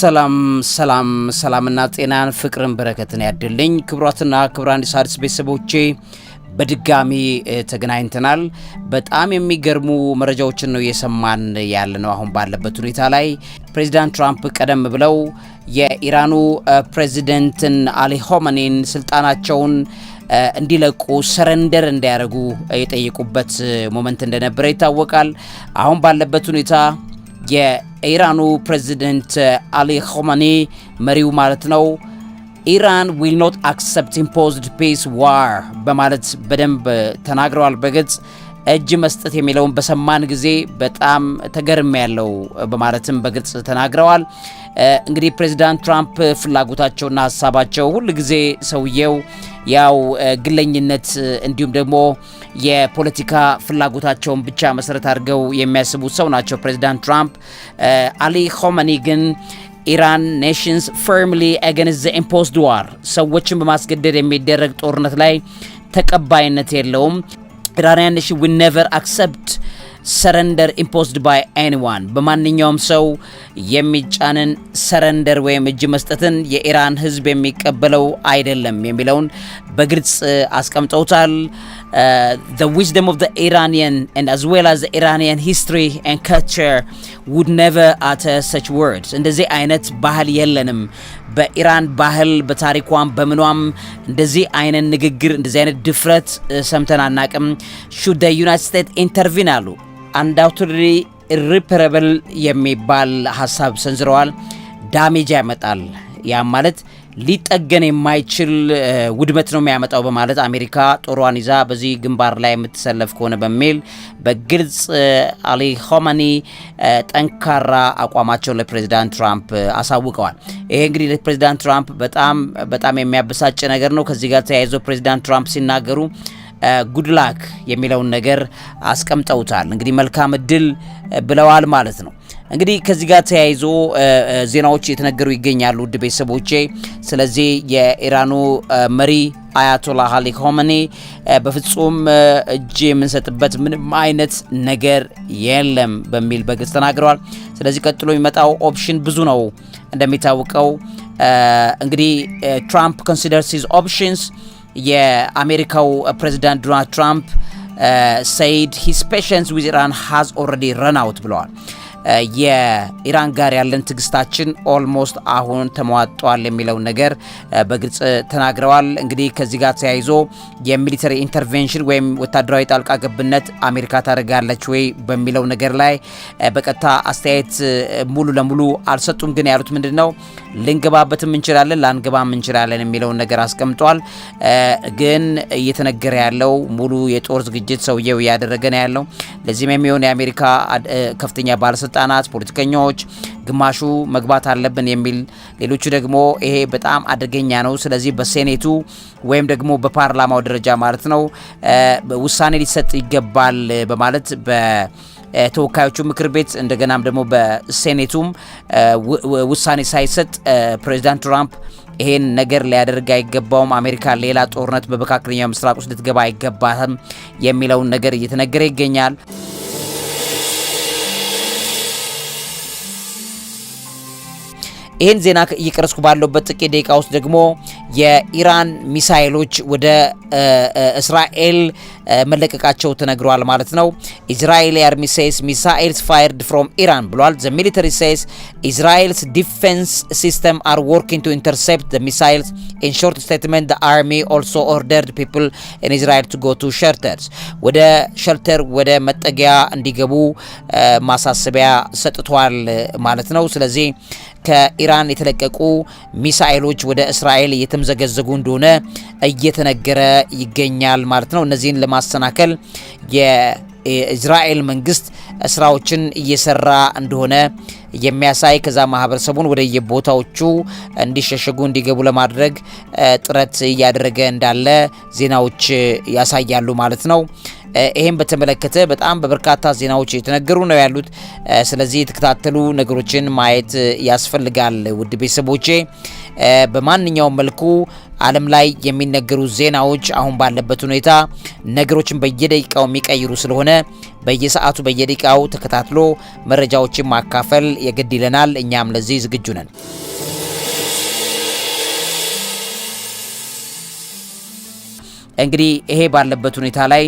ሰላም ሰላም ሰላምና ጤናን ፍቅርን በረከትን ያድልኝ። ክቡራትና ክቡራን የሣድስ ቤተሰቦቼ በድጋሚ ተገናኝተናል። በጣም የሚገርሙ መረጃዎችን ነው እየሰማን ያለ ነው። አሁን ባለበት ሁኔታ ላይ ፕሬዚዳንት ትራምፕ ቀደም ብለው የኢራኑ ፕሬዚደንትን አሊ ሆመኔን ስልጣናቸውን እንዲለቁ ሰረንደር እንዲያደርጉ የጠየቁበት ሞመንት እንደነበረ ይታወቃል። አሁን ባለበት ሁኔታ የኢራኑ ፕሬዚደንት አሊ ሆማኒ መሪው ማለት ነው ኢራን ዊል ኖት አክሰፕት ኢምፖዝድ ፔስ ዋር በማለት በደንብ ተናግረዋል። በግልጽ እጅ መስጠት የሚለውን በሰማን ጊዜ በጣም ተገርም ያለው በማለትም በግልጽ ተናግረዋል። እንግዲህ ፕሬዚዳንት ትራምፕ ፍላጎታቸውና ሀሳባቸው ጊዜ ሰውየው ያው ግለኝነት እንዲሁም ደግሞ የፖለቲካ ፍላጎታቸውን ብቻ መሰረት አድርገው የሚያስቡት ሰው ናቸው ፕሬዚዳንት ትራምፕ። አሊ ሆመኒ ግን ኢራን ኔሽንስ ፈርምሊ አገንስ ዘ ኢምፖስድ ዋር ሰዎችን በማስገደድ የሚደረግ ጦርነት ላይ ተቀባይነት የለውም። ኢራንያን ኔሽን ዊል ኔቨር አክሰፕት ሰረንደር ኢምፖዝድ ባይ ኤኒዋን በማንኛውም ሰው የሚጫንን ሰረንደር ወይም እጅ መስጠትን የኢራን ህዝብ የሚቀበለው አይደለም የሚለውን በግልጽ አስቀምጠውታል። ዘ ዊዝደም ኦፍ ዘ ኢራኒያን ኤንድ አዝ ዌል አዝ ዘ ኢራኒያን ሂስትሪ ኤንድ ካልቸር ውድ ኔቨር አተር ሰች ወርድስ። እንደዚህ አይነት ባህል የለንም በኢራን ባህል በታሪኳም በምኗም እንደዚህ አይነት ንግግር እንደዚህ አይነት ድፍረት uh, ሰምተን አናቅም። ሹድ ዩናይትድ ስቴትስ ኢንተርቪን አሉ አንዳውትሪ ኢሪፐረብል የሚባል ሀሳብ ሰንዝረዋል። ዳሜጅ ያመጣል። ያም ማለት ሊጠገን የማይችል ውድመት ነው የሚያመጣው በማለት አሜሪካ ጦሯን ይዛ በዚህ ግንባር ላይ የምትሰለፍ ከሆነ በሚል በግልጽ አሊ ሆማኒ ጠንካራ አቋማቸውን ለፕሬዚዳንት ትራምፕ አሳውቀዋል። ይሄ እንግዲህ ለፕሬዚዳንት ትራምፕ በጣም በጣም የሚያበሳጭ ነገር ነው። ከዚህ ጋር ተያይዘው ፕሬዚዳንት ትራምፕ ሲናገሩ ጉድላክ የሚለውን ነገር አስቀምጠውታል። እንግዲህ መልካም እድል ብለዋል ማለት ነው። እንግዲህ ከዚህ ጋር ተያይዞ ዜናዎች የተነገሩ ይገኛሉ ውድ ቤተሰቦቼ። ስለዚህ የኢራኑ መሪ አያቶላ አሊ ሆመኒ በፍጹም እጅ የምንሰጥበት ምንም አይነት ነገር የለም በሚል በግልጽ ተናግረዋል። ስለዚህ ቀጥሎ የሚመጣው ኦፕሽን ብዙ ነው እንደሚታወቀው እንግዲህ ትራምፕ ኮንሲደርስ ሂዝ ኦፕሽንስ የአሜሪካው ፕሬዚዳንት ዶናልድ ትራምፕ ሰይድ ሂስ ፔሽንስ ዊዝ ኢራን ሃዝ ኦልሬዲ ረን አውት ብለዋል። የኢራን ጋር ያለን ትግስታችን ኦልሞስት አሁን ተሟጧል የሚለውን ነገር በግልጽ ተናግረዋል። እንግዲህ ከዚህ ጋር ተያይዞ የሚሊተሪ ኢንተርቬንሽን ወይም ወታደራዊ ጣልቃ ገብነት አሜሪካ ታደርጋለች ወይ በሚለው ነገር ላይ በቀጥታ አስተያየት ሙሉ ለሙሉ አልሰጡም። ግን ያሉት ምንድን ነው ልንገባበትም እንችላለን ላንገባም እንችላለን የሚለውን ነገር አስቀምጧል። ግን እየተነገረ ያለው ሙሉ የጦር ዝግጅት ሰውየው እያደረገ ነው ያለው። ለዚህም የሚሆን የአሜሪካ ከፍተኛ ባለስልጣ ባለስልጣናት፣ ፖለቲከኞች ግማሹ መግባት አለብን የሚል ሌሎቹ ደግሞ ይሄ በጣም አደገኛ ነው፣ ስለዚህ በሴኔቱ ወይም ደግሞ በፓርላማው ደረጃ ማለት ነው ውሳኔ ሊሰጥ ይገባል በማለት በተወካዮቹ ምክር ቤት እንደገናም ደግሞ በሴኔቱም ውሳኔ ሳይሰጥ ፕሬዚዳንት ትራምፕ ይሄን ነገር ሊያደርግ አይገባውም፣ አሜሪካ ሌላ ጦርነት በመካከለኛው ምስራቅ ውስጥ ልትገባ አይገባትም የሚለውን ነገር እየተነገረ ይገኛል። ይህን ዜና እየቀረስኩ ባለሁበት ጥቂት ደቂቃ ውስጥ ደግሞ የኢራን ሚሳይሎች ወደ እስራኤል መለቀቃቸው ተነግሯል ማለት ነው። ኢዝራኤል አርሚ ሴስ ሚሳይልስ ፋይርድ ፍሮም ኢራን ብሏል። ዘ ሚሊተሪ ሴስ ኢዝራኤልስ ዲፌንስ ሲስተም አር ወርኪንግ ቱ ኢንተርሴፕት ዘ ሚሳይልስ ኢን ሾርት ስቴትመንት አርሚ ኦልሶ ኦርደርድ ፒፕል ኢን ኢዝራኤል ቱ ጎ ቱ ሸልተርስ ወደ ሸልተር ወደ መጠጊያ እንዲገቡ ማሳሰቢያ ሰጥቷል ማለት ነው። ስለዚህ ከኢራን የተለቀቁ ሚሳኤሎች ወደ እስራኤል እየተምዘገዘጉ እንደሆነ እየተነገረ ይገኛል ማለት ነው። እነዚህን ለማሰናከል የእስራኤል መንግስት ስራዎችን እየሰራ እንደሆነ የሚያሳይ ከዛ ማህበረሰቡን ወደ የቦታዎቹ እንዲሸሸጉ እንዲገቡ ለማድረግ ጥረት እያደረገ እንዳለ ዜናዎች ያሳያሉ ማለት ነው። ይሄን በተመለከተ በጣም በበርካታ ዜናዎች የተነገሩ ነው ያሉት። ስለዚህ የተከታተሉ ነገሮችን ማየት ያስፈልጋል። ውድ ቤተሰቦቼ በማንኛውም መልኩ ዓለም ላይ የሚነገሩ ዜናዎች አሁን ባለበት ሁኔታ ነገሮችን በየደቂቃው የሚቀይሩ ስለሆነ በየሰዓቱ በየደቂቃው ተከታትሎ መረጃዎችን ማካፈል የግድ ይለናል። እኛም ለዚህ ዝግጁ ነን። እንግዲህ ይሄ ባለበት ሁኔታ ላይ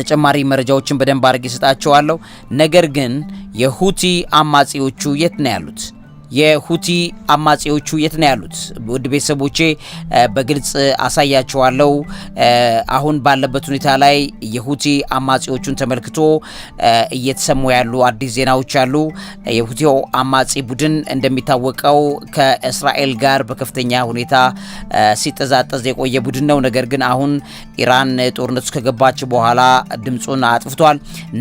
ተጨማሪ መረጃዎችን በደንብ አድርጌ እሰጣቸዋለሁ። ነገር ግን የሁቲ አማጺዎቹ የት ነው ያሉት? የሁቲ አማጺዎቹ የት ነው ያሉት? ውድ ቤተሰቦቼ በግልጽ አሳያችኋለሁ። አሁን ባለበት ሁኔታ ላይ የሁቲ አማጺዎቹን ተመልክቶ እየተሰሙ ያሉ አዲስ ዜናዎች አሉ። የሁቲ አማጺ ቡድን እንደሚታወቀው ከእስራኤል ጋር በከፍተኛ ሁኔታ ሲጠዛጠዝ የቆየ ቡድን ነው። ነገር ግን አሁን ኢራን ጦርነቱ ከገባች በኋላ ድምፁን አጥፍቷል።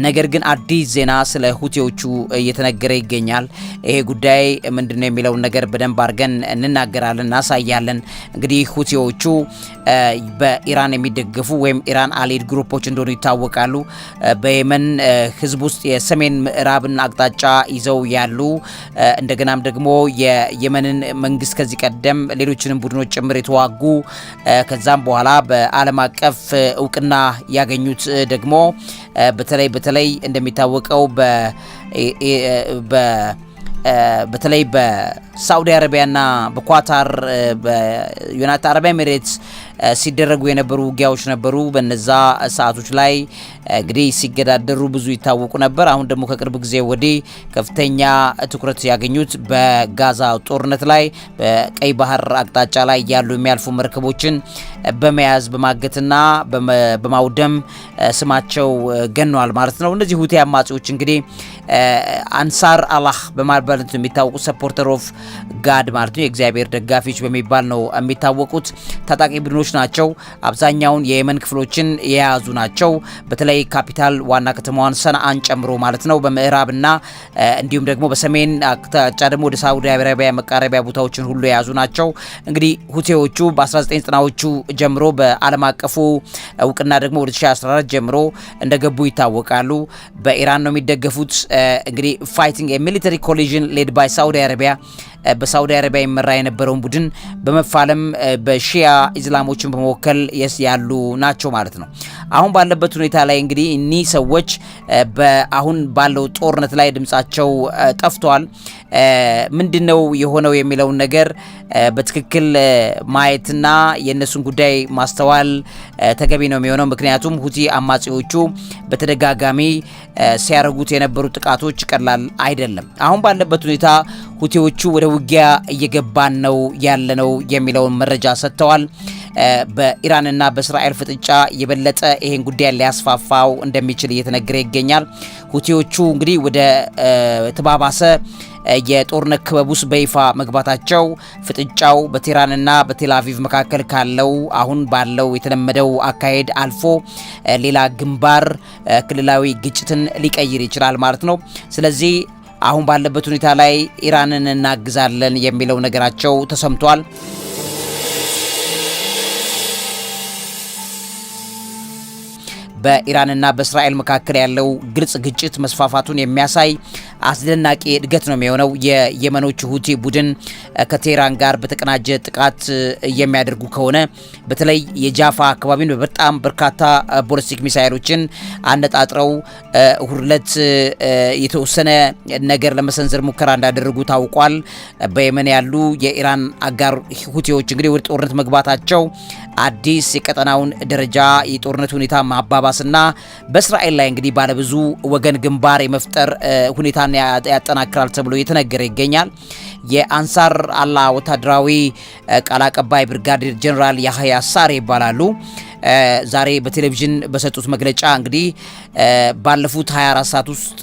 ነገር ግን አዲስ ዜና ስለ ሁቲዎቹ እየተነገረ ይገኛል። ይሄ ጉዳይ ምንድነው የሚለውን ነገር በደንብ አድርገን እንናገራለን፣ እናሳያለን። እንግዲህ ሁቲዎቹ በኢራን የሚደገፉ ወይም ኢራን አሊድ ግሩፖች እንደሆኑ ይታወቃሉ። በየመን ህዝብ ውስጥ የሰሜን ምዕራብን አቅጣጫ ይዘው ያሉ እንደገናም ደግሞ የየመንን መንግስት ከዚህ ቀደም ሌሎችንም ቡድኖች ጭምር የተዋጉ ከዛም በኋላ በዓለም አቀፍ እውቅና ያገኙት ደግሞ በተለይ በተለይ እንደሚታወቀው በ በተለይ በሳዑዲ አረቢያና በኳታር በዩናይትድ አረብ ኤሚሬትስ ሲደረጉ የነበሩ ውጊያዎች ነበሩ። በነዛ ሰዓቶች ላይ እንግዲህ ሲገዳደሩ ብዙ ይታወቁ ነበር። አሁን ደግሞ ከቅርብ ጊዜ ወዲህ ከፍተኛ ትኩረት ያገኙት በጋዛ ጦርነት ላይ በቀይ ባህር አቅጣጫ ላይ ያሉ የሚያልፉ መርከቦችን በመያዝ በማገትና በማውደም ስማቸው ገኗል ማለት ነው። እነዚህ ሁቲ አማጺዎች እንግዲህ አንሳር አላህ በማባል የሚታወቁ ሰፖርተር ኦፍ ጋድ ማለት ነው፣ የእግዚአብሔር ደጋፊዎች በሚባል ነው የሚታወቁት ታጣቂ ቡድኖች ናቸው። አብዛኛውን የየመን ክፍሎችን የያዙ ናቸው። በተለይ ካፒታል ዋና ከተማዋን ሰንአን ጨምሮ ማለት ነው። በምዕራብና እንዲሁም ደግሞ በሰሜን አቅጣጫ ደግሞ ወደ ሳዑዲ አረቢያ መቃረቢያ ቦታዎችን ሁሉ የያዙ ናቸው። እንግዲህ ሁቴዎቹ በ1990ዎቹ ጀምሮ በዓለም አቀፉ እውቅና ደግሞ ወደ 2014 ጀምሮ እንደገቡ ይታወቃሉ። በኢራን ነው የሚደገፉት። እንግዲህ ፋይቲንግ የሚሊተሪ ኮሊዥን ሌድ ባይ ሳዑዲ አረቢያ በሳውዲ አረቢያ ይመራ የነበረውን ቡድን በመፋለም በሺያ ኢስላሞችን በመወከል ያሉ ናቸው ማለት ነው። አሁን ባለበት ሁኔታ ላይ እንግዲህ እኒህ ሰዎች አሁን ባለው ጦርነት ላይ ድምጻቸው ጠፍቷል። ምንድን ነው የሆነው የሚለውን ነገር በትክክል ማየትና የእነሱን ጉዳይ ማስተዋል ተገቢ ነው የሚሆነው። ምክንያቱም ሁቲ አማጺዎቹ በተደጋጋሚ ሲያደርጉት የነበሩ ጥቃቶች ቀላል አይደለም። አሁን ባለበት ሁኔታ ሁቲዎቹ ወደ ውጊያ እየገባን ነው ያለነው የሚለውን መረጃ ሰጥተዋል። በኢራንና በእስራኤል ፍጥጫ የበለጠ ይሄን ጉዳይ ሊያስፋፋው እንደሚችል እየተነገረ ይገኛል። ሁቲዎቹ እንግዲህ ወደ ተባባሰ የጦርነት ክበብ ውስጥ በይፋ መግባታቸው ፍጥጫው በቴህራንና በቴላቪቭ መካከል ካለው አሁን ባለው የተለመደው አካሄድ አልፎ ሌላ ግንባር ክልላዊ ግጭትን ሊቀይር ይችላል ማለት ነው። ስለዚህ አሁን ባለበት ሁኔታ ላይ ኢራንን እናግዛለን የሚለው ነገራቸው ተሰምቷል። በኢራንና በእስራኤል መካከል ያለው ግልጽ ግጭት መስፋፋቱን የሚያሳይ አስደናቂ እድገት ነው የሚሆነው። የየመኖቹ ሁቲ ቡድን ከቴህራን ጋር በተቀናጀ ጥቃት የሚያደርጉ ከሆነ በተለይ የጃፋ አካባቢን በጣም በርካታ ቦሊስቲክ ሚሳይሎችን አነጣጥረው ሁለት የተወሰነ ነገር ለመሰንዘር ሙከራ እንዳደረጉ ታውቋል። በየመን ያሉ የኢራን አጋር ሁቲዎች እንግዲህ ወደ ጦርነት መግባታቸው አዲስ የቀጠናውን ደረጃ የጦርነት ሁኔታ ማባባ ሐማስና በእስራኤል ላይ እንግዲህ ባለብዙ ወገን ግንባር የመፍጠር ሁኔታን ያጠናክራል ተብሎ እየተነገረ ይገኛል። የአንሳር አላ ወታደራዊ ቃል አቀባይ ብርጋዴር ጀኔራል ያህያ ሳሬ ይባላሉ። ዛሬ በቴሌቪዥን በሰጡት መግለጫ እንግዲህ ባለፉት 24 ሰዓት ውስጥ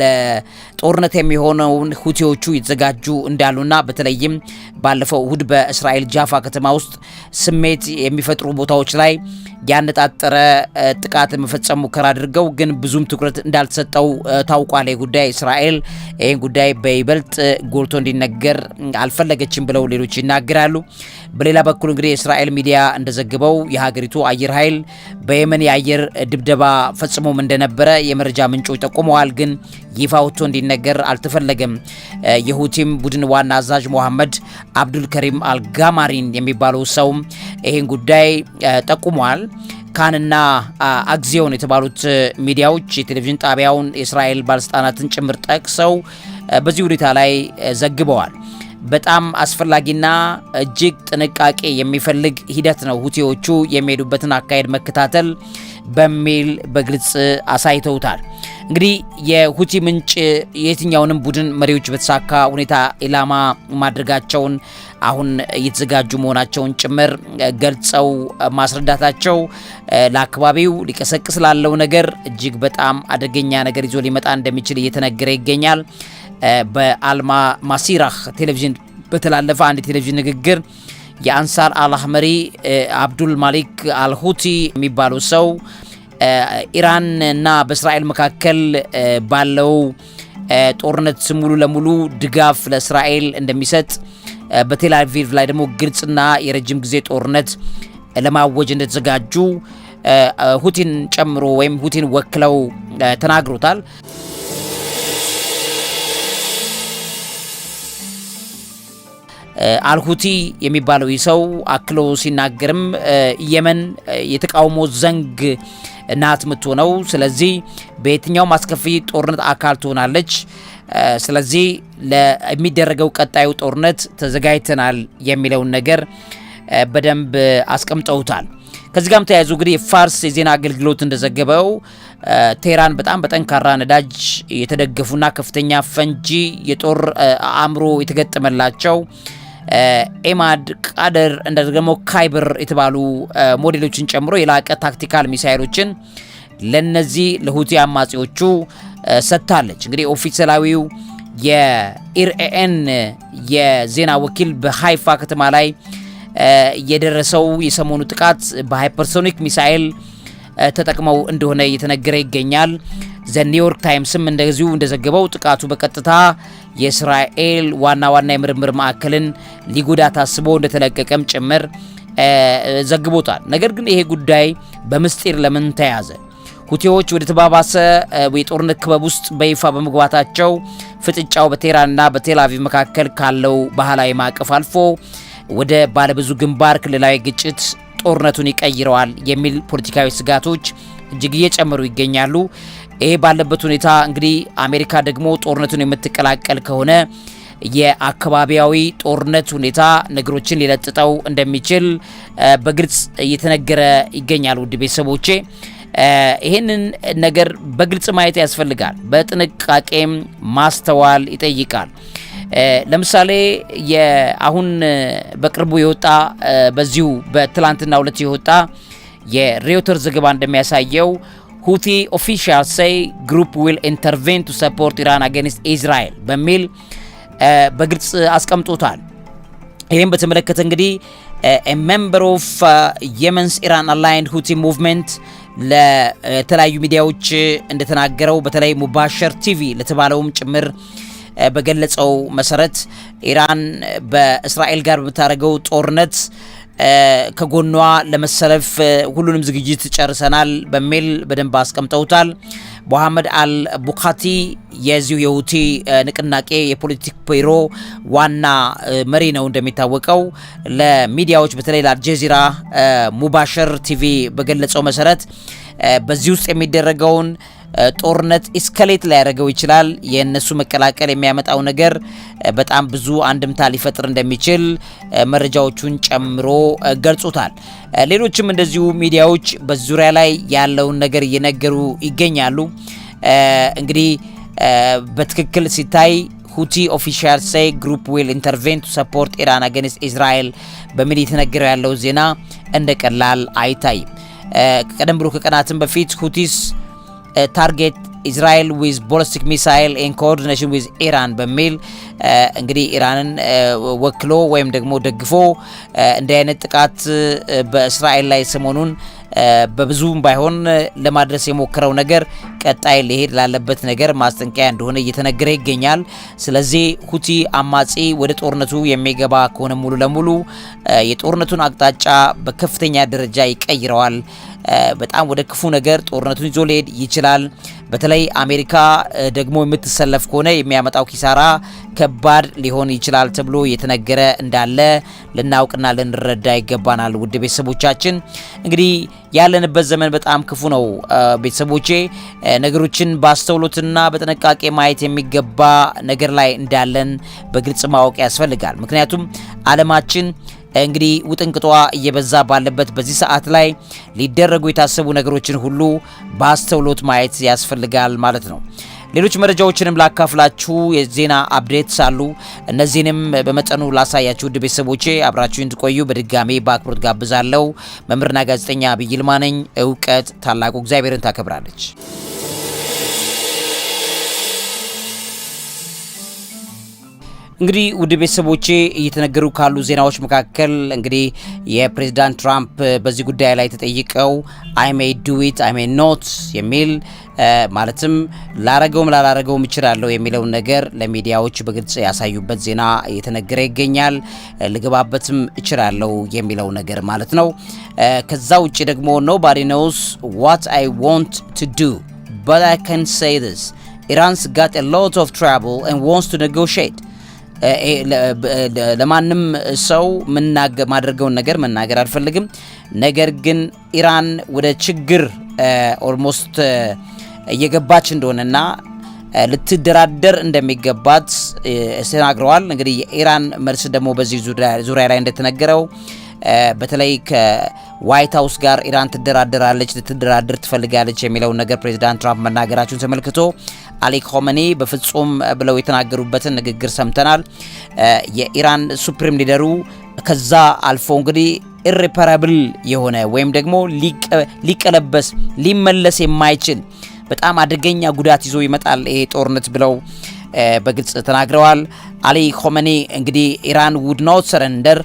ለጦርነት የሚሆነውን ሁቲዎቹ የተዘጋጁ እንዳሉና በተለይም ባለፈው እሁድ በእስራኤል ጃፋ ከተማ ውስጥ ስሜት የሚፈጥሩ ቦታዎች ላይ ያነጣጠረ ጥቃት መፈጸም ሙከራ አድርገው ግን ብዙም ትኩረት እንዳልተሰጠው ታውቋል። ይህ ጉዳይ እስራኤል ይህን ጉዳይ በይበልጥ ጎልቶ እንዲነገር አልፈለገችም ብለው ሌሎች ይናገራሉ። በሌላ በኩል እንግዲህ የእስራኤል ሚዲያ እንደዘግበው የሀገሪቱ አየር ኃይል በየመን የአየር ድብደባ ፈጽሞም እንደነበረ የመረጃ ምንጮች ጠቁመዋል። ግን ይፋ ወጥቶ እንዲነገር አልተፈለገም። የሁቲም ቡድን ዋና አዛዥ ሞሐመድ አብዱል ከሪም አልጋማሪን የሚባለው ሰውም ይህን ጉዳይ ጠቁሟል። ካንና አግዚዮን የተባሉት ሚዲያዎች የቴሌቪዥን ጣቢያውን የእስራኤል ባለስልጣናትን ጭምር ጠቅሰው በዚህ ሁኔታ ላይ ዘግበዋል። በጣም አስፈላጊና እጅግ ጥንቃቄ የሚፈልግ ሂደት ነው። ሁቲዎቹ የሚሄዱበትን አካሄድ መከታተል በሚል በግልጽ አሳይተውታል። እንግዲህ የሁቲ ምንጭ የትኛውንም ቡድን መሪዎች በተሳካ ሁኔታ ኢላማ ማድረጋቸውን አሁን እየተዘጋጁ መሆናቸውን ጭምር ገልጸው ማስረዳታቸው ለአካባቢው ሊቀሰቅስ ላለው ነገር እጅግ በጣም አደገኛ ነገር ይዞ ሊመጣ እንደሚችል እየተነገረ ይገኛል። በአልማ ማሲራህ ቴሌቪዥን በተላለፈ አንድ የቴሌቪዥን ንግግር የአንሳር አላህ መሪ አብዱል ማሊክ አልሁቲ የሚባሉ ሰው ኢራን እና በእስራኤል መካከል ባለው ጦርነት ሙሉ ለሙሉ ድጋፍ ለእስራኤል እንደሚሰጥ በቴላቪቭ ላይ ደግሞ ግልጽና የረጅም ጊዜ ጦርነት ለማወጅ እንደተዘጋጁ ሁቲን ጨምሮ ወይም ሁቲን ወክለው ተናግሮታል። አልሁቲ የሚባለው ይህ ሰው አክሎ ሲናገርም የመን የተቃውሞ ዘንግ ናት የምትሆነው። ስለዚህ በየትኛውም አስከፊ ጦርነት አካል ትሆናለች። ስለዚህ ለሚደረገው ቀጣዩ ጦርነት ተዘጋጅተናል የሚለውን ነገር በደንብ አስቀምጠውታል። ከዚህ ጋርም ተያይዞ እንግዲህ የፋርስ የዜና አገልግሎት እንደዘገበው ቴህራን በጣም በጠንካራ ነዳጅ የተደገፉና ከፍተኛ ፈንጂ የጦር አእምሮ የተገጠመላቸው ኤማድ ቃደር እንደ ደግሞ ካይብር የተባሉ ሞዴሎችን ጨምሮ የላቀ ታክቲካል ሚሳይሎችን ለነዚህ ለሁቲ አማጺዎቹ ሰጥታለች። እንግዲህ ኦፊሴላዊው የኢርኤን የዜና ወኪል በሃይፋ ከተማ ላይ የደረሰው የሰሞኑ ጥቃት በሃይፐርሶኒክ ሚሳኤል ተጠቅመው እንደሆነ እየተነገረ ይገኛል። ዘ ኒውዮርክ ታይምስም እንደዚሁ እንደዘገበው ጥቃቱ በቀጥታ የእስራኤል ዋና ዋና የምርምር ማዕከልን ሊጎዳ ታስቦ እንደተለቀቀም ጭምር ዘግቦታል። ነገር ግን ይሄ ጉዳይ በምስጢር ለምን ተያዘ? ሁቴዎች ወደ ተባባሰ የጦርነት ክበብ ውስጥ በይፋ በመግባታቸው ፍጥጫው በቴህራንና በቴልአቪቭ መካከል ካለው ባህላዊ ማዕቀፍ አልፎ ወደ ባለብዙ ግንባር ክልላዊ ግጭት ጦርነቱን ይቀይረዋል የሚል ፖለቲካዊ ስጋቶች እጅግ እየጨመሩ ይገኛሉ። ይሄ ባለበት ሁኔታ እንግዲህ አሜሪካ ደግሞ ጦርነቱን የምትቀላቀል ከሆነ የአካባቢያዊ ጦርነት ሁኔታ ነገሮችን ሊለጥጠው እንደሚችል በግልጽ እየተነገረ ይገኛል። ውድ ቤተሰቦቼ ይህንን ነገር በግልጽ ማየት ያስፈልጋል። በጥንቃቄም ማስተዋል ይጠይቃል። ለምሳሌ አሁን በቅርቡ የወጣ በዚሁ በትላንትና ሁለት የወጣ የሬውተር ዘገባ እንደሚያሳየው ሁቲ ኦፊሻል ሰይ ግሩፕ ዊል ኢንተርቬን ቱ ሰፖርት ኢራን አገንስት እስራኤል በሚል uh, በግልጽ አስቀምጦታል። ይህም በተመለከተ እንግዲህ ሜምበር ኦፍ የመንስ ኢራን አላይንድ ሁቲ ሙቭመንት ለተለያዩ ሚዲያዎች እንደተናገረው በተለይ ሙባሸር ቲቪ ለተባለውም ጭምር uh, በገለጸው መሰረት ኢራን በእስራኤል ጋር በምታደርገው ጦርነት ከጎኗ ለመሰለፍ ሁሉንም ዝግጅት ጨርሰናል በሚል በደንብ አስቀምጠውታል። ሞሐመድ አል ቡካቲ የዚሁ የሁቲ ንቅናቄ የፖለቲክ ቢሮ ዋና መሪ ነው። እንደሚታወቀው ለሚዲያዎች በተለይ ለአልጀዚራ ሙባሸር ቲቪ በገለጸው መሰረት በዚህ ውስጥ የሚደረገውን ጦርነት ኢስከሌት ሊያደርገው ይችላል። የእነሱ መቀላቀል የሚያመጣው ነገር በጣም ብዙ አንድምታ ሊፈጥር እንደሚችል መረጃዎቹን ጨምሮ ገልጾታል። ሌሎችም እንደዚሁ ሚዲያዎች በዙሪያ ላይ ያለውን ነገር እየነገሩ ይገኛሉ። እንግዲህ በትክክል ሲታይ ሁቲ ኦፊሻል ሳይ ግሩፕ ዊል ኢንተርቬን ቱ ሰፖርት ኢራን አገንስት ኢስራኤል በሚል የተነገረው ያለው ዜና እንደ ቀላል አይታይም። ቀደም ብሎ ከቀናትም በፊት ሁቲስ ታርጌት ኢዝራኤል ዊዝ ቦለስቲክ ሚሳይል ኢን ኮኦርዲኔሽን ዊዝ ኢራን በሚል uh, እንግዲህ ኢራንን uh, ወክሎ ወይም ደግሞ ደግፎ uh, እንዲህ አይነት ጥቃት በእስራኤል ላይ ሰሞኑን በብዙም ባይሆን ለማድረስ የሞከረው ነገር ቀጣይ ሊሄድ ላለበት ነገር ማስጠንቀያ እንደሆነ እየተነገረ ይገኛል። ስለዚህ ሁቲ አማጺ ወደ ጦርነቱ የሚገባ ከሆነ ሙሉ ለሙሉ የጦርነቱን አቅጣጫ በከፍተኛ ደረጃ ይቀይረዋል። በጣም ወደ ክፉ ነገር ጦርነቱን ይዞ ሊሄድ ይችላል። በተለይ አሜሪካ ደግሞ የምትሰለፍ ከሆነ የሚያመጣው ኪሳራ ከባድ ሊሆን ይችላል ተብሎ የተነገረ እንዳለ ልናውቅና ልንረዳ ይገባናል። ውድ ቤተሰቦቻችን እንግዲህ ያለንበት ዘመን በጣም ክፉ ነው። ቤተሰቦቼ ነገሮችን በአስተውሎትና በጥንቃቄ ማየት የሚገባ ነገር ላይ እንዳለን በግልጽ ማወቅ ያስፈልጋል። ምክንያቱም አለማችን እንግዲህ ውጥንቅጧ እየበዛ ባለበት በዚህ ሰዓት ላይ ሊደረጉ የታሰቡ ነገሮችን ሁሉ በአስተውሎት ማየት ያስፈልጋል ማለት ነው። ሌሎች መረጃዎችንም ላካፍላችሁ የዜና አፕዴት ሳሉ እነዚህንም በመጠኑ ላሳያችሁ። ውድ ቤተሰቦቼ አብራችሁ እንድቆዩ በድጋሜ በአክብሮት ጋብዛለሁ። መምህርና ጋዜጠኛ ዐቢይ ይልማ ነኝ። እውቀት ታላቁ እግዚአብሔርን ታከብራለች። እንግዲህ ውድ ቤተሰቦቼ እየተነገሩ ካሉ ዜናዎች መካከል እንግዲህ የፕሬዚዳንት ትራምፕ በዚህ ጉዳይ ላይ ተጠይቀው አይ ሜይ ዱ ኢት አይ ሜይ ኖት የሚል ማለትም ላረገውም ላላረገውም እችላለሁ የሚለውን ነገር ለሚዲያዎች በግልጽ ያሳዩበት ዜና እየተነገረ ይገኛል። ልገባበትም እችላለሁ የሚለው ነገር ማለት ነው። ከዛ ውጭ ደግሞ ኖባዲ ኖውስ ዋት አይ ዋንት ቱ ዱ በት አይ ካን ሴይ ዚስ ኢራንስ ጋት ሎት ኦፍ ትራብል አንድ ዋንትስ ቱ ኔጎሺዬት ለማንም ሰው ማድረገውን ነገር መናገር አልፈልግም። ነገር ግን ኢራን ወደ ችግር ኦልሞስት እየገባች እንደሆነና ልትደራደር እንደሚገባት ተናግረዋል። እንግዲህ የኢራን መልስ ደግሞ በዚህ ዙሪያ ላይ እንደተነገረው በተለይ ከዋይት ሀውስ ጋር ኢራን ትደራደራለች፣ ልትደራድር ትፈልጋለች የሚለውን ነገር ፕሬዚዳንት ትራምፕ መናገራቸውን ተመልክቶ አሊ ኮመኒ በፍጹም ብለው የተናገሩበትን ንግግር ሰምተናል። የኢራን ሱፕሪም ሊደሩ ከዛ አልፎ እንግዲህ ኢሪፐራብል የሆነ ወይም ደግሞ ሊቀለበስ ሊመለስ የማይችል በጣም አደገኛ ጉዳት ይዞ ይመጣል ይሄ ጦርነት ብለው በግልጽ ተናግረዋል። አሊ ኮመኒ እንግዲህ ኢራን ውድ ኖት ሰረንደር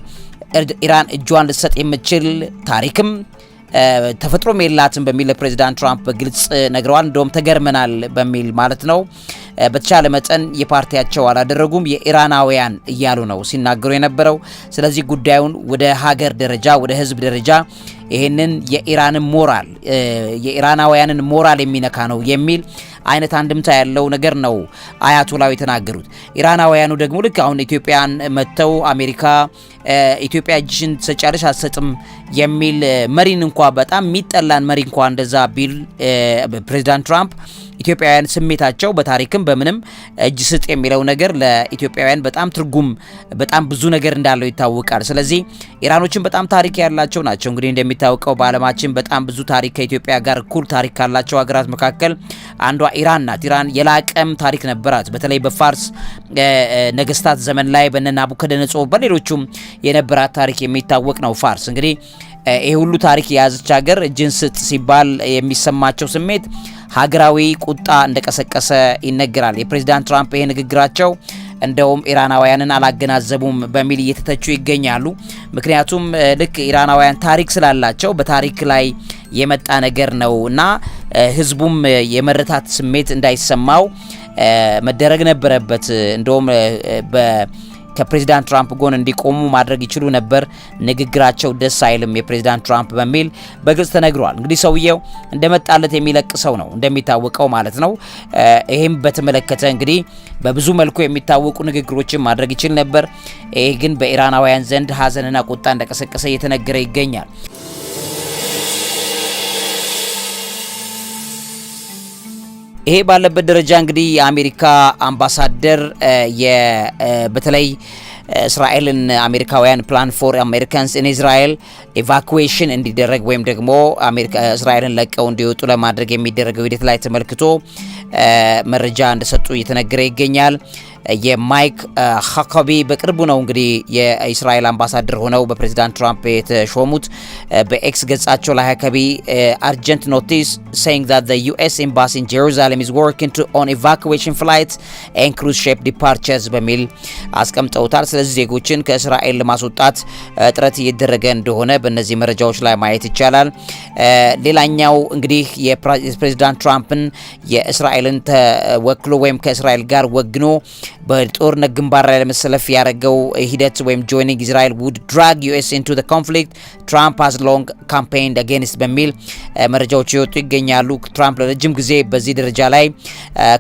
ኢራን እጇን ልትሰጥ የምችል ታሪክም ተፈጥሮም የላትም በሚል ለፕሬዚዳንት ትራምፕ በግልጽ ነግረዋል። እንደውም ተገርመናል በሚል ማለት ነው። በተቻለ መጠን የፓርቲያቸው አላደረጉም የኢራናውያን እያሉ ነው ሲናገሩ የነበረው። ስለዚህ ጉዳዩን ወደ ሀገር ደረጃ ወደ ህዝብ ደረጃ ይህንን የኢራንን ሞራል የኢራናውያንን ሞራል የሚነካ ነው የሚል አይነት አንድምታ ያለው ነገር ነው አያቶላው የተናገሩት። ኢራናውያኑ ደግሞ ልክ አሁን ኢትዮጵያን መጥተው አሜሪካ ኢትዮጵያ እጅሽን ትሰጫለሽ አትሰጥም የሚል መሪን እንኳ በጣም የሚጠላን መሪ እንኳ እንደዛ ቢል ፕሬዚዳንት ትራምፕ ኢትዮጵያውያን ስሜታቸው በታሪክም በምንም እጅ ስጥ የሚለው ነገር ለኢትዮጵያውያን በጣም ትርጉም በጣም ብዙ ነገር እንዳለው ይታወቃል። ስለዚህ ኢራኖችን በጣም ታሪክ ያላቸው ናቸው እንግዲህ እንደሚታወቀው በዓለማችን በጣም ብዙ ታሪክ ከኢትዮጵያ ጋር እኩል ታሪክ ካላቸው ሀገራት መካከል አንዷ ኢራን ናት። ኢራን የላቀም ታሪክ ነበራት። በተለይ በፋርስ ነገስታት ዘመን ላይ በነ ናቡከደነጾር በሌሎቹም የነበራት ታሪክ የሚታወቅ ነው። ፋርስ እንግዲህ ይህ ሁሉ ታሪክ የያዘች ሀገር እጅን ስጥ ሲባል የሚሰማቸው ስሜት ሀገራዊ ቁጣ እንደቀሰቀሰ ይነገራል። የፕሬዚዳንት ትራምፕ ይሄ ንግግራቸው እንደውም ኢራናውያንን አላገናዘቡም በሚል እየተተቹ ይገኛሉ። ምክንያቱም ልክ ኢራናውያን ታሪክ ስላላቸው በታሪክ ላይ የመጣ ነገር ነው እና ህዝቡም የመረታት ስሜት እንዳይሰማው መደረግ ነበረበት። እንደውም ከፕሬዚዳንት ትራምፕ ጎን እንዲቆሙ ማድረግ ይችሉ ነበር። ንግግራቸው ደስ አይልም የፕሬዚዳንት ትራምፕ በሚል በግልጽ ተነግሯል። እንግዲህ ሰውየው እንደመጣለት የሚለቅ ሰው ነው እንደሚታወቀው ማለት ነው። ይህም በተመለከተ እንግዲህ በብዙ መልኩ የሚታወቁ ንግግሮችን ማድረግ ይችል ነበር። ይህ ግን በኢራናውያን ዘንድ ሀዘንና ቁጣ እንደቀሰቀሰ እየተነገረ ይገኛል። ይሄ ባለበት ደረጃ እንግዲህ የአሜሪካ አምባሳደር በተለይ እስራኤልን አሜሪካውያን ፕላን ፎር አሜሪካንስ ኢን እስራኤል ኤቫኩዌሽን እንዲደረግ ወይም ደግሞ እስራኤልን ለቀው እንዲወጡ ለማድረግ የሚደረገው ሂደት ላይ ተመልክቶ መረጃ እንደሰጡ እየተነገረ ይገኛል። የማይክ ሀካቢ በቅርቡ ነው እንግዲህ የእስራኤል አምባሳደር ሆነው በፕሬዚዳንት ትራምፕ የተሾሙት። በኤክስ ገጻቸው ላይ ሀኮቢ አርጀንት ኖቲስ ሴይንግ ዛት ዘ ዩኤስ ኤምባሲ ኢን ጄሩሳሌም ኢዝ ወርኪንግ ኦን ኢቫኩዌሽን ፍላይት ኤን ክሩዝ ሼፕ ዲፓርቸርስ በሚል አስቀምጠውታል። ስለዚህ ዜጎችን ከእስራኤል ለማስወጣት ጥረት እየደረገ እንደሆነ በእነዚህ መረጃዎች ላይ ማየት ይቻላል። ሌላኛው እንግዲህ የፕሬዚዳንት ትራምፕን የእስራኤልን ተወክሎ ወይም ከእስራኤል ጋር ወግኖ በጦርነት ግንባር ላይ ለመሰለፍ ያደረገው ሂደት ወይም ጆይኒንግ ኢዝራኤል ውድ ድራግ ዩኤስ ኢንቱ ዘ ኮንፍሊክት ትራምፕ ሃዝ ሎንግ ካምፔይንድ አጌንስት በሚል uh, መረጃዎች የወጡ ይገኛሉ። ትራምፕ ለረጅም ጊዜ በዚህ ደረጃ ላይ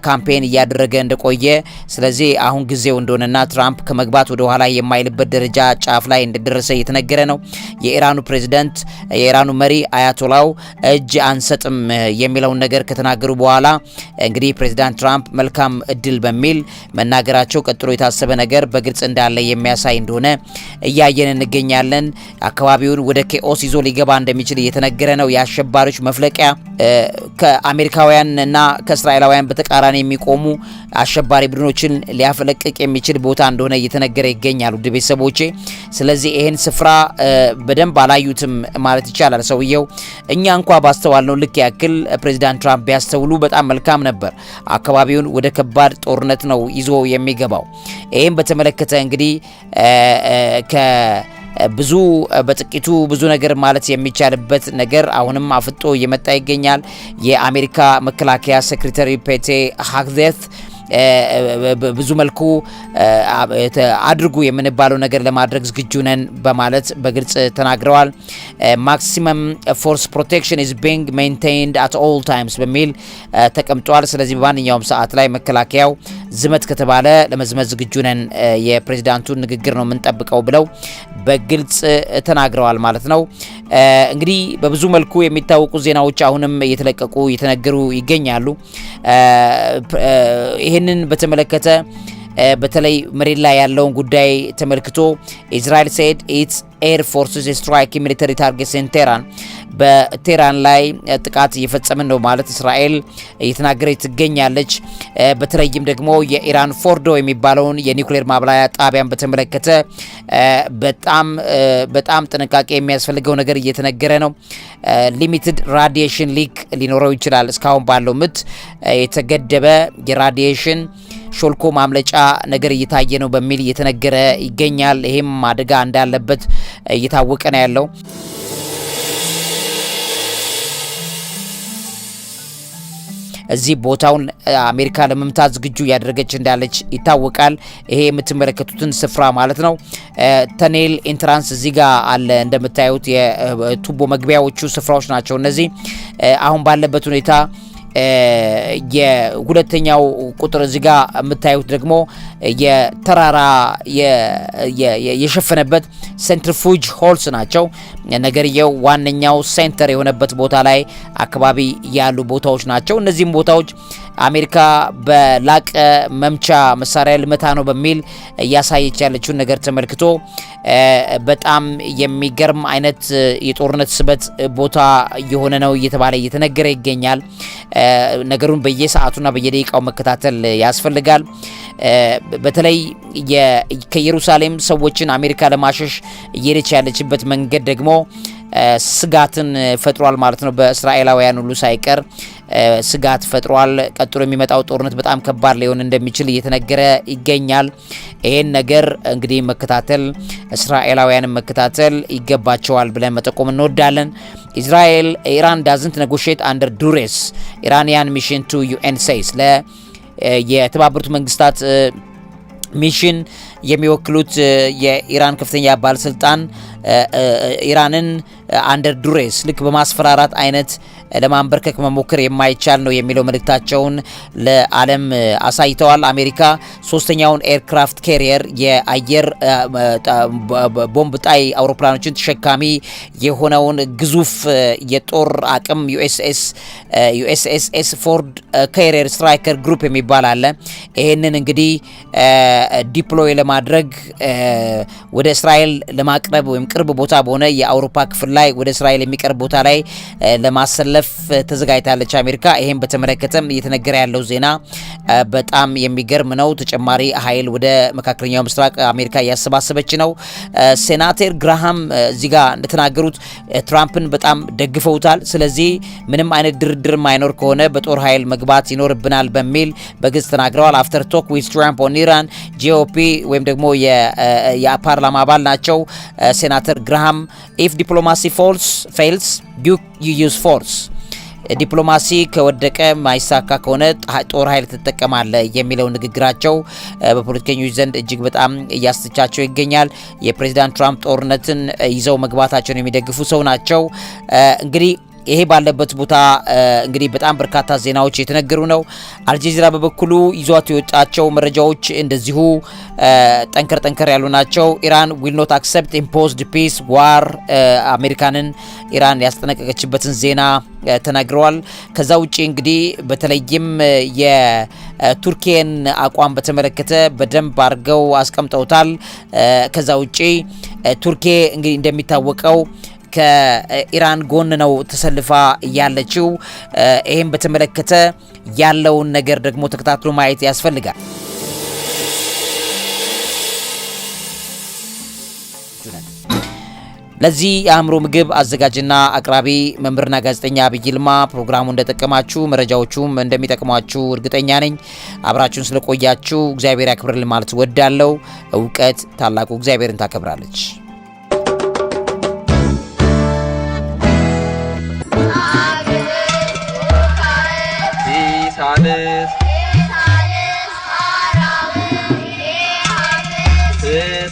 ካምፔይን uh, እያደረገ እንደቆየ፣ ስለዚህ አሁን ጊዜው እንደሆነና ትራምፕ ከመግባት ወደ ኋላ የማይልበት ደረጃ ጫፍ ላይ እንደደረሰ እየተነገረ ነው። የኢራኑ ፕሬዚደንት uh, የኢራኑ መሪ አያቶላው እጅ አንሰጥም የሚለውን ነገር ከተናገሩ በኋላ እንግዲህ ፕሬዚዳንት ትራምፕ መልካም እድል በሚል መናገር ከመናገራቸው ቀጥሎ የታሰበ ነገር በግልጽ እንዳለ የሚያሳይ እንደሆነ እያየን እንገኛለን። አካባቢውን ወደ ኬኦስ ይዞ ሊገባ እንደሚችል እየተነገረ ነው። የአሸባሪዎች መፍለቂያ ከአሜሪካውያን እና ከእስራኤላውያን በተቃራኒ የሚቆሙ አሸባሪ ቡድኖችን ሊያፈለቅቅ የሚችል ቦታ እንደሆነ እየተነገረ ይገኛል። ውድ ቤተሰቦቼ፣ ስለዚህ ይህን ስፍራ በደንብ አላዩትም ማለት ይቻላል። ሰውየው እኛ እንኳ ባስተዋልነው ልክ ያክል ፕሬዚዳንት ትራምፕ ቢያስተውሉ በጣም መልካም ነበር። አካባቢውን ወደ ከባድ ጦርነት ነው ይዞ የሚገባው። ይህም በተመለከተ እንግዲህ ከብዙ በጥቂቱ ብዙ ነገር ማለት የሚቻልበት ነገር አሁንም አፍጦ እየመጣ ይገኛል። የአሜሪካ መከላከያ ሴክሬታሪ ፔቴ ሀግዘት ብዙ መልኩ አድርጉ የምንባለው ነገር ለማድረግ ዝግጁ ነን በማለት በግልጽ ተናግረዋል። ማክሲመም ፎርስ ፕሮቴክሽን ኢዝ ቢንግ ሜንቴንድ አት ኦል ታይምስ በሚል ተቀምጧል። ስለዚህ በማንኛውም ሰዓት ላይ መከላከያው ዝመት ከተባለ ለመዝመት ዝግጁ ነን፣ የፕሬዚዳንቱን ንግግር ነው የምንጠብቀው ብለው በግልጽ ተናግረዋል ማለት ነው። እንግዲህ በብዙ መልኩ የሚታወቁ ዜናዎች አሁንም እየተለቀቁ እየተነገሩ ይገኛሉ። ይህንን በተመለከተ በተለይ መሬት ላይ ያለውን ጉዳይ ተመልክቶ ኢዝራኤል ሴድ ኢትስ ኤር ፎርስስ ስትራይክ ሚሊተሪ ታርጌትስ ኢን ቴራን በቴራን ላይ ጥቃት እየፈጸምን ነው ማለት እስራኤል እየተናገረች ትገኛለች። በተለይም ደግሞ የኢራን ፎርዶ የሚባለውን የኒውክሌር ማብላያ ጣቢያን በተመለከተ በጣም በጣም ጥንቃቄ የሚያስፈልገው ነገር እየተነገረ ነው። ሊሚትድ ራዲሽን ሊክ ሊኖረው ይችላል። እስካሁን ባለው ምት የተገደበ የራዲዬሽን ሾልኮ ማምለጫ ነገር እየታየ ነው በሚል እየተነገረ ይገኛል። ይሄም አደጋ እንዳለበት እየታወቀ ነው ያለው። እዚህ ቦታውን አሜሪካ ለመምታት ዝግጁ እያደረገች እንዳለች ይታወቃል። ይሄ የምትመለከቱትን ስፍራ ማለት ነው። ተኔል ኤንትራንስ እዚህ ጋር አለ። እንደምታዩት የቱቦ መግቢያዎቹ ስፍራዎች ናቸው እነዚህ አሁን ባለበት ሁኔታ የሁለተኛው ቁጥር እዚጋ የምታዩት ደግሞ የተራራ የሸፈነበት ሴንትሪፉጅ ሆልስ ናቸው። ነገርየው ዋነኛው ሴንተር የሆነበት ቦታ ላይ አካባቢ ያሉ ቦታዎች ናቸው። እነዚህም ቦታዎች አሜሪካ በላቀ መምቻ መሳሪያ ልመታ ነው በሚል እያሳየች ያለችውን ነገር ተመልክቶ በጣም የሚገርም አይነት የጦርነት ስበት ቦታ የሆነ ነው እየተባለ እየተነገረ ይገኛል። ነገሩን በየሰዓቱና በየደቂቃው መከታተል ያስፈልጋል። በተለይ ከኢየሩሳሌም ሰዎችን አሜሪካ ለማሸሽ እየሄደች ያለችበት መንገድ ደግሞ ስጋትን ፈጥሯል ማለት ነው። በእስራኤላውያን ሁሉ ሳይቀር ስጋት ፈጥሯል። ቀጥሎ የሚመጣው ጦርነት በጣም ከባድ ሊሆን እንደሚችል እየተነገረ ይገኛል። ይሄን ነገር እንግዲህ መከታተል እስራኤላውያንን መከታተል ይገባቸዋል ብለን መጠቆም እንወዳለን። ኢዝራኤል ኢራን ዳዝንት ነጎሼት አንደር ዱሬስ ኢራንያን ሚሽን ቱ ዩኤን ሴይስ የተባበሩት መንግስታት ሚሽን የሚወክሉት የኢራን ከፍተኛ ባለስልጣን ኢራንን አንደር ዱሬስ ልክ በማስፈራራት አይነት ለማንበርከክ መሞከር የማይቻል ነው የሚለው መልእክታቸውን ለዓለም አሳይተዋል። አሜሪካ ሶስተኛውን ኤርክራፍት ካሪየር የአየር ቦምብ ጣይ አውሮፕላኖችን ተሸካሚ የሆነውን ግዙፍ የጦር አቅም ዩኤስኤስ ፎርድ ካሪየር ስትራይከር ግሩፕ የሚባል አለ። ይህንን እንግዲህ ዲፕሎይ ለማድረግ ወደ እስራኤል ለማቅረብ ወይም ቅርብ ቦታ በሆነ የአውሮፓ ክፍል ላይ ወደ እስራኤል የሚቀርብ ቦታ ላይ ለማሰለፍ ለማለፍ ተዘጋጅታለች አሜሪካ። ይሄን በተመለከተም እየተነገረ ያለው ዜና በጣም የሚገርም ነው። ተጨማሪ ኃይል ወደ መካከለኛው ምስራቅ አሜሪካ እያሰባሰበች ነው። ሴናተር ግራሃም እዚህ ጋር እንደተናገሩት ትራምፕን በጣም ደግፈውታል። ስለዚህ ምንም አይነት ድርድር ማይኖር ከሆነ በጦር ኃይል መግባት ይኖርብናል በሚል በግልጽ ተናግረዋል። አፍተር ቶክ ዊዝ ትራምፕ ኦን ኢራን ጂኦፒ ወይም ደግሞ የፓርላማ አባል ናቸው ሴናተር ግራሃም ኢፍ ዲፕሎማሲ ፎልስ ፌልስ ዩ ዩዝ ፎርስ ዲፕሎማሲ ከወደቀ ማይሳካ ከሆነ ጦር ኃይል ትጠቀማለ የሚለው ንግግራቸው በፖለቲከኞች ዘንድ እጅግ በጣም እያስተቻቸው ይገኛል። የፕሬዚዳንት ትራምፕ ጦርነትን ይዘው መግባታቸውን የሚደግፉ ሰው ናቸው። እንግዲህ ይሄ ባለበት ቦታ እንግዲህ በጣም በርካታ ዜናዎች የተነገሩ ነው። አልጀዚራ በበኩሉ ይዟት የወጣቸው መረጃዎች እንደዚሁ ጠንከር ጠንከር ያሉ ናቸው። ኢራን ዊል ኖት አክሰፕት ኢምፖዝድ ፒስ ዋር አሜሪካንን ኢራን ያስጠነቀቀችበትን ዜና ተናግረዋል። ከዛ ውጪ እንግዲህ በተለይም የቱርኬን አቋም በተመለከተ በደንብ አድርገው አስቀምጠውታል። ከዛ ውጪ ቱርኬ እንግዲህ እንደሚታወቀው ከኢራን ጎን ነው ተሰልፋ ያለችው። ይህም በተመለከተ ያለውን ነገር ደግሞ ተከታትሎ ማየት ያስፈልጋል። ለዚህ የአእምሮ ምግብ አዘጋጅና አቅራቢ መምህርና ጋዜጠኛ አብይ ይልማ። ፕሮግራሙ እንደጠቀማችሁ መረጃዎቹም እንደሚጠቅሟችሁ እርግጠኛ ነኝ። አብራችሁን ስለቆያችሁ እግዚአብሔር ያክብርልን ማለት ወዳለው እውቀት ታላቁ እግዚአብሔርን ታከብራለች። ሳድስ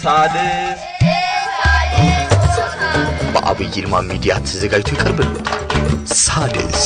ሳልስ በአብይ ይልማ ሚዲያ ተዘጋጅቶ ይቀርብልዎታል። ሳድስ